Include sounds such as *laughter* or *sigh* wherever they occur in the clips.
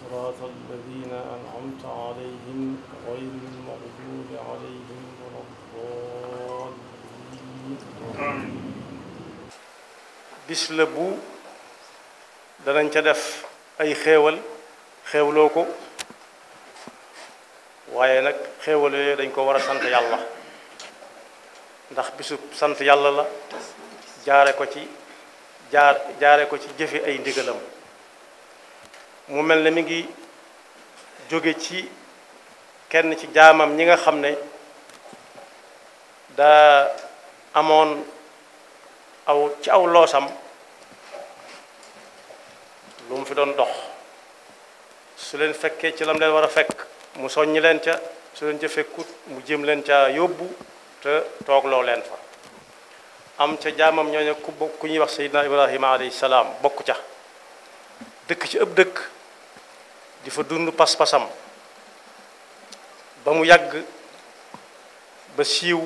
صراط الذين أنعمت عليهم غير المغضوب عليهم ولا الضالين bis la bu danañ ca def ay xéewal xéewloo ko waaye nag xéewal yooyu dañ ko war a sant yàlla ndax bisub sant yàlla la jaare ko ci jaar jaare ko ci jëfe ay ndigalam mu mel ne mi ngi jóge ci kenn ci jaamam ñi nga xam ne daa amoon aw ci aw loosam lu mu fi doon dox su leen fekkee ci lam leen war a fekk mu soññi leen ca su leen ca fekkut mu jëm leen ca yóbbu te toogloo leen fa am ca jaamam ñoo ku bokk ku ñuy wax Seydina Ibrahima alayhi salaam bokk ca dëkk ci ëpp dëkk di fa dund pas-pasam ba mu yàgg ba siiw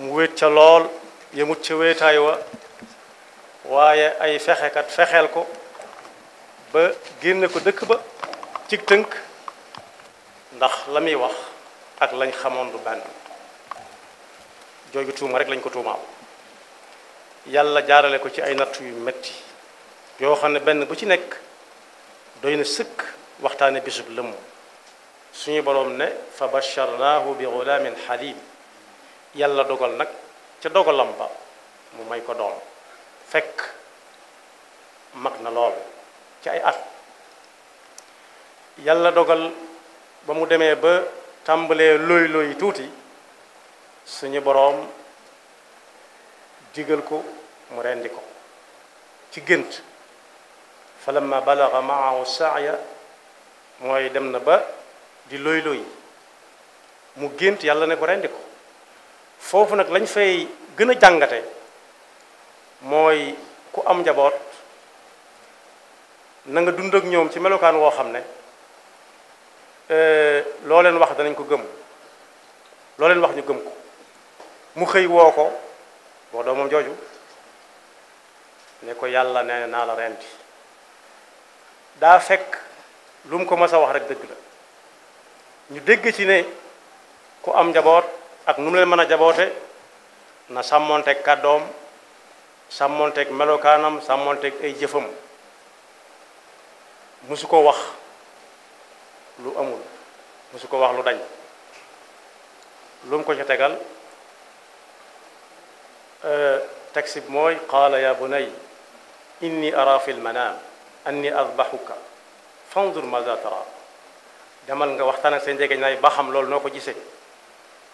mu wéet ca lool yemut ca wéetaay wa waaye ay fexekat fexeel ko ba génne ko dëkk ba cig tënk ndax la muy wax ak lañ xamoon lu benn jooju tuuma rek lañ ko tuumaaw yàlla jaarale ko ci ay nattu yu metti yoo xam ne benn bu ci nekk doy na sëkk waxtaane bisub lëmm suñu boroom ne fa basharnaahu bi gulaamin xaliim yàlla dogal nag ca dogalam ba mu may ko doom fekk mag na lool ca ay at yàlla dogal ba mu demee ba tàmbalee looy looy tuuti suñu boroom digal ko mu rendi ko ci gént fa lamma balaga maahu saaya mooy dem na ba di looy looy mu gént yàlla ne ko rendi ko foofu nag lañ fay gën a jàngate mooy ku am njaboot na nga dund ak ñoom ci melokaan woo xam ne euh, loo leen wax danañ ko gëm looleen wax ñu gëm ko mu xëy woo ko boo doomam jooju ne ko yàlla ne naa la rendi daa fekk lu ko mës a wax rek dëgg la ñu dégg ci ne ku am njaboot ak nu leen mën a jaboote na sàmmonteeg kàddoom sàmmonteeg melokaanam sàmmonteeg ay jëfam musu ko wax lu amul musu ko wax lu dañ lu ko ci tegal euh, texte bi mooy qaala ya bunay inni ara fi anni azbahuka fanzur maza tara demal nga waxtaan ak sa njegeñaay ba xam loolu noo ko gisee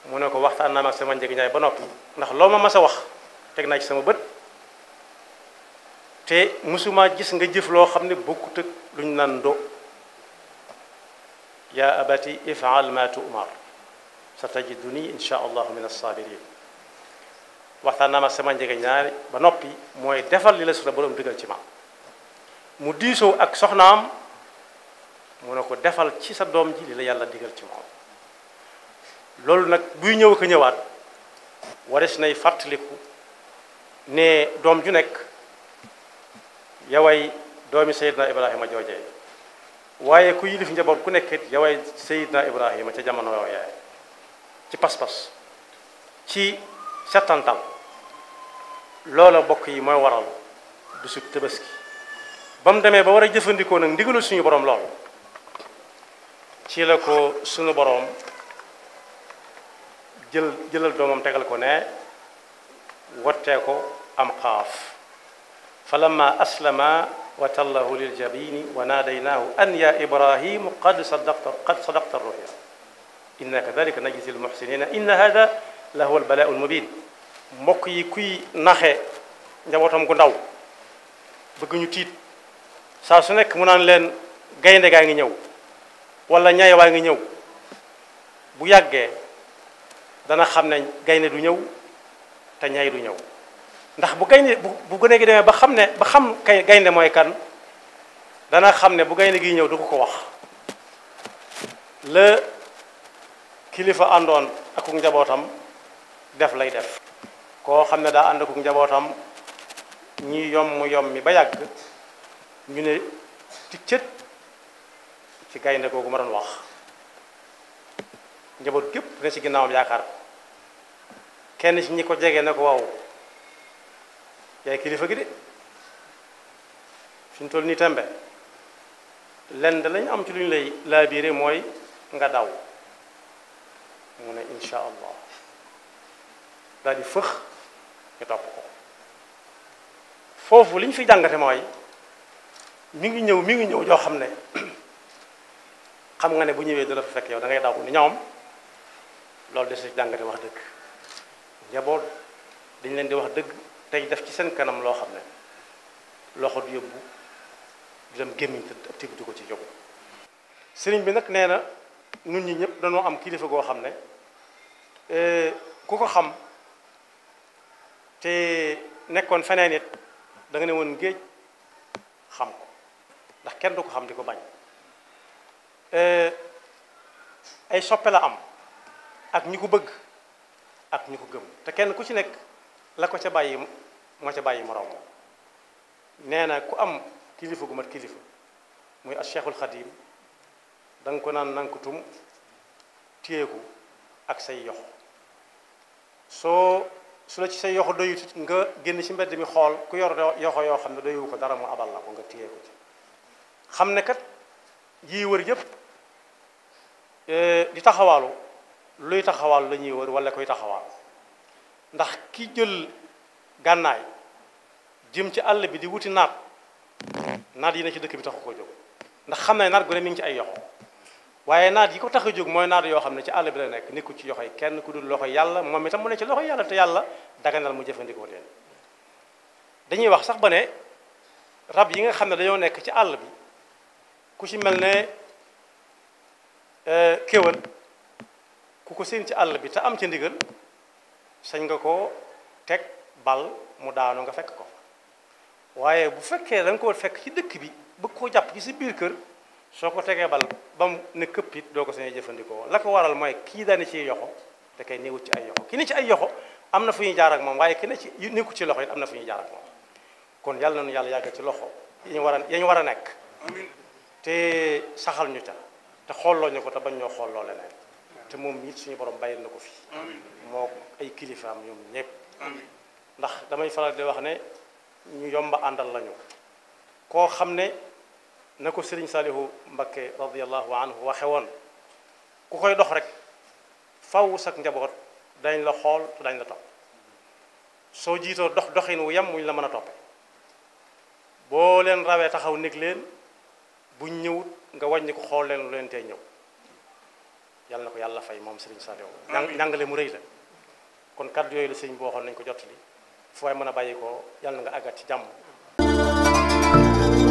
mu ne ko waxtaan naa ak sama njegeñaay ba noppi ndax loo ma mas a wax teg naa ci sama bët te musuma gis nga jëf loo xam ne bokkut ak lu ñu naan do yaa abati ifal ma tumar sa tajiduni insha allahu min assabirin waxtaan naa ak sama njegeñaay ba noppi mooy defal li la sura borom digal ci ma mu diisoo ak soxnaam mu defal ci sa doom ji li la yàlla digal ci moom loolu nag buy ñëw ko ñëwaat waris nay fàttaliku ne doom ju nekk yaway doomi sayidna ibrahima jooje waaye ku yilif njaboot ku nekkit yaway sayidna ibrahima ca jamono yooyee ci pas-pas ci settantal loola bokk yi mooy waral bisub tabaski bam démé ba wara jëfëndiko nak ndigalu suñu borom lool ci la ko suñu borom jël jëlal domam tegal ko ne wattee ko am qaf falamma aslama wa tallahu lil jabini wa nadaynahu an ya ibrahim qad sadaqta qad sadaqta ruya inna kadhalika najzi al muhsinina in hadha la huwa al balaa al mubin mbokk yi kuy naxe njabotam gu ndaw bëgg ñu tite saa su nekk mu naan leen gaynde gaa ngi ñëw wala ñay waa ngi ñëw bu yàggee dana xam ne gaynde du ñëw te ñay du ñëw ndax bu gaynde bu bu gëne gi demee ba xam ne ba xam kay gaynde mooy kan dana xam ne bu gaynde gi ñëw du ko ko wax la kilifa àndoon akuk njabootam def lay def koo xam ne daa ànd akuk njabootam ñi yom yom mi ba yàgg ñu ne ticcët ci gaynde googu ma doon wax njaboot képp ne ci ginnaawam yaakaar ko kenn ci ñi ko jege ne ko waaw yaay kilifa gi de fi ñu toll nii tembe lenn lañ am ci lu ñu lay laabiire mooy nga daw mu ne insha allah daal di fëx ñu topp ko foofu liñ ñu fi jàngate mooy mi ngi ñëw mi ngi ñëw joo xam ne *clears throat* xam nga ne bu ñëwee dana fa fekk yow da ngay daw ni ñoom loolu des ci jàngate wax dëgg njaboot dañ leen di wax dëgg tey def ci seen kanam loo xam ne loxo du yóbbu du dem gémmiñ ko ci jóg sëriñ bi nag nee na nun ñi ñëpp dañoo am kilifa goo xam ne e, ku ko xam te nekkoon feneen it danga nga ne woon géej xam ko ndax kenn du ko xam di ko bañ eh, ay soppe la am ak ñi ko bëgg ak ñi ko gëm te kenn ku ci nekk la ko ca bàyyi moo ca bàyyi moroom nee na ku am kilifa gu mat kilifa muy as cheikhul xadim da nga ko naan nankutum téyeeku ak say yox soo su la ci say yoxo doyut nga génn ci mbedd mi xool ku yor yoxo yoo xam ne doywu ko dara mu abal la ko nga téyeeku ci xam ne kat yi wër yëpp e, di taxawaalu luy taxawaalu la ñuy wër wala koy taxawaalu ndax ki jël gànnaay jëm ci àll bi di wuti naat naat yi na ci dëkk bi taxu ko jóg ndax xam ne naat gu ne mi ngi ci ay yoxo naat yi ko tax jóg mooy naat yoo xam ne ci àll bi la nekk nekku ci yoxoy kenn ku dul loxoy yàlla moom itam mu ne ci loxo yàlla te yàlla daganal mu jëfandikoo leen dañuy wax sax ba ne rab yi nga xam ne dañoo nekk ci àll bi ku ci mel ne eh, kéwal ku ko seen ci àll bi te am ci ndigal sañ nga ko teg bal mu daanu nga fekk ko waaye bu fekkee da koo fekk ci dëkk bi bëgg koo jàpp ci si biir kër soo ko tegee bal ba mu ne këpp it doo ko sañee jëfandikoo la ko waral mooy kii daani ci yoxo te kay néewut ci ay yoxo ki ne ci ay yoxo am na fu ñuy jaar ak moom waaye ki ne ci nekku ci loxo it am na fu ñuy jaar ak moom kon yàlla na nu yàlla yàggal ci loxo yañu war a nekk te saxal ñu ca te xooloo ñu ko te bañ ñoo xooloo leneen te moom it suñu borom bàyyil na ko fii moo ay kilifaam ñoom ñëpp ndax damay faral di wax ne ñu yomba àndal lañu koo xam ne na ko sëriñ Saalihu Mbakke radiallahu anhu waxe woon ku koy dox rek faw sak njaboot dañ la xool te dañ la topp soo jiitoo dox doxin wu yem wuñ la mën a toppe boo leen rawee taxaw néeg leen buñ ñëwut nga wàññi ko xool leen lu leen te ñëw yàlla na ko yàlla fay moom si Serigne Saliou njàngale mu rëy la kon kàddu yooyu la sëñ bi waxoon nañ ko jottali fu waay mën a bàyyi ko yàlla na nga àggat ci jàmm